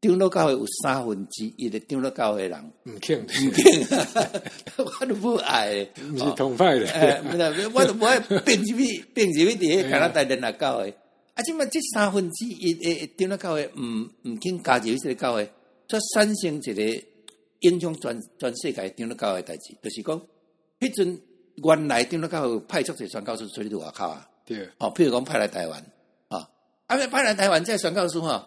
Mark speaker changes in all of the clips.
Speaker 1: 丟了教會有三分之一的丟了教會人不，唔聽唔聽， 我都不愛。唔是同派的，哦，哎，我都不愛。平時咪，平時咪在遐個加拿大聯合教會。啊，即滿這三分之一的丟了教會，唔唔肯加入迄個教會，所以產生一個影響全全世界丟了教會代志，就是講，迄陣原來丟了教會派出去傳教士出去佇外口啊，對，哦，譬如講派來台灣啊，啊，派來台灣再傳教士哈。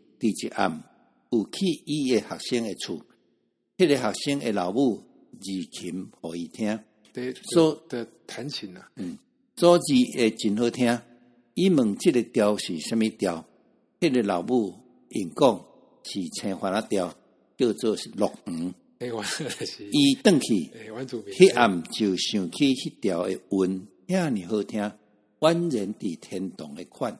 Speaker 1: 地主暗有去伊嘅學生嘅厝，迄、那個學生嘅老母自琴予伊聽，彈琴啊。嗯，奏起會真好聽。伊問：，即個調是啥物調？迄個老母應講是青花、欸欸、那調，叫做落五。伊登去，迄暗就想起迄條嘅韻，遐，爾好聽，宛然佇天堂嘅款。